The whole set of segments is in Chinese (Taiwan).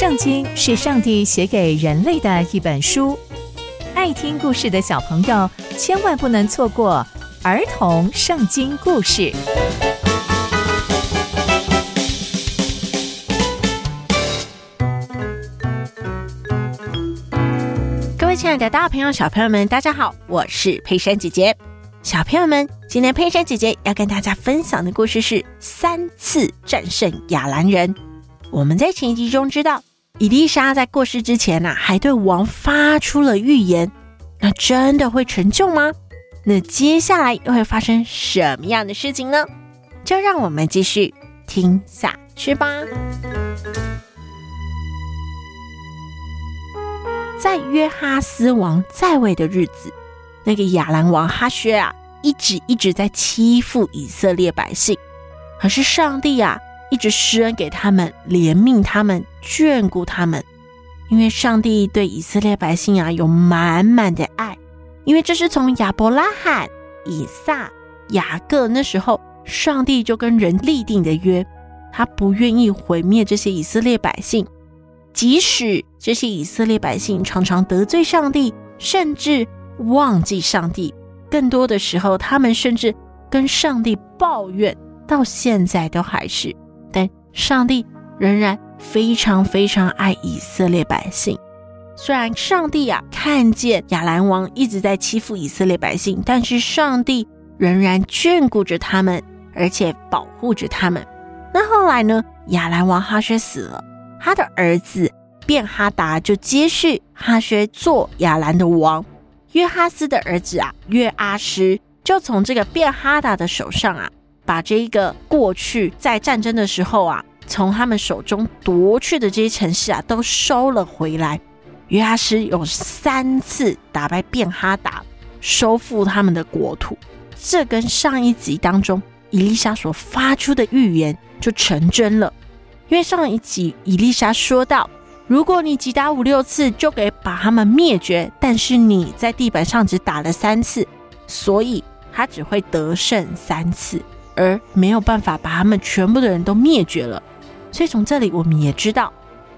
聖經是上帝寫給人類的一本書，愛聽故事的小朋友千萬不能錯過兒童聖經故事。各位親愛的大朋友、小朋友們，大家好，我是佩珊姐姐。小朋友們，今天佩珊姐姐要跟大家分享的故事是三次戰勝亞蘭人。我們在前集中知道。以利沙在過世之前呢、啊，還對王發出了預言，那真的會成就嗎？那接下來又會發生什麼樣的事情呢？就讓我們繼續聽下去吧。在約哈斯王在位的日子，那個亞蘭王哈薛啊，一直一直在欺負以色列百姓，可是上帝呀、啊。一直施恩給他們，憐憫他們，眷顧他們，因為上帝對以色列百姓啊有滿滿的愛。因為這是從亞伯拉罕、以撒、雅各那時候，上帝就跟人立定的約，他不願意毀滅這些以色列百姓，即使這些以色列百姓常常得罪上帝，甚至忘記上帝，更多的時候，他們甚至跟上帝抱怨，到現在都還是。但上帝仍然非常非常愛以色列百姓。雖然上帝啊看見亞蘭王一直在欺負以色列百姓，但是上帝仍然眷顧着他們，而且保護着他們。那後來呢？亞蘭王哈薛死了，他的兒子便哈達就接續哈薛做亞蘭的王。約哈斯的兒子啊約阿施就從這個便哈達的手上啊。把這一個過去在戰爭的時候啊，從他們手中奪去的這些城市啊，都收了回來。約阿施有三次打敗便哈達，收復他們的國土。這跟上一集當中以利沙所發出的預言就成真了。因為上一集以利沙說到，如果你擊打五六次，就給把他們滅絕，但是你在地板上只打了三次，所以他只會得勝三次。而沒有辦法把他們全部的人都滅絕了，所以從這裡我們也知道，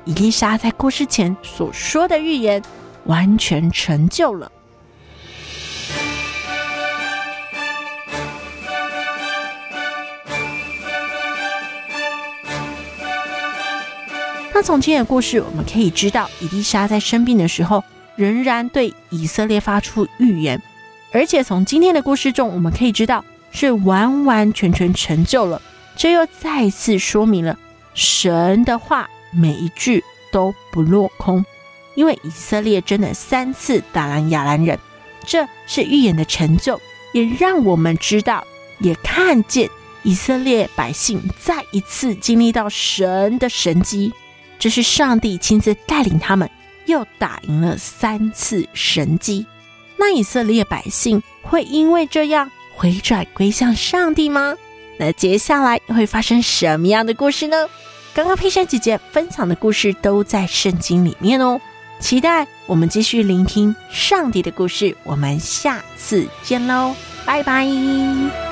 以利沙在過世前所說的預言完全成就了。那從今天的故事，我們可以知道，以利沙在生病的時候仍然對以色列發出預言，而且從今天的故事中，我們可以知道。是完完全全成就了，這又再一次說明了神的話每一句都不落空。因為以色列真的三次打贏亞蘭人，這是預言的成就，也讓我們知道，也看見以色列百姓再一次經歷到神的神蹟，這是上帝親自帶領他們，又打贏了三次神蹟。那以色列百姓會因為這樣回轉歸向上帝嗎？那接下來會發生什麼樣的故事呢？剛剛佩珊姐姐分享的故事都在聖經裡面哦，期待我們繼續聆聽上帝的故事。我們下次見嘍，拜拜。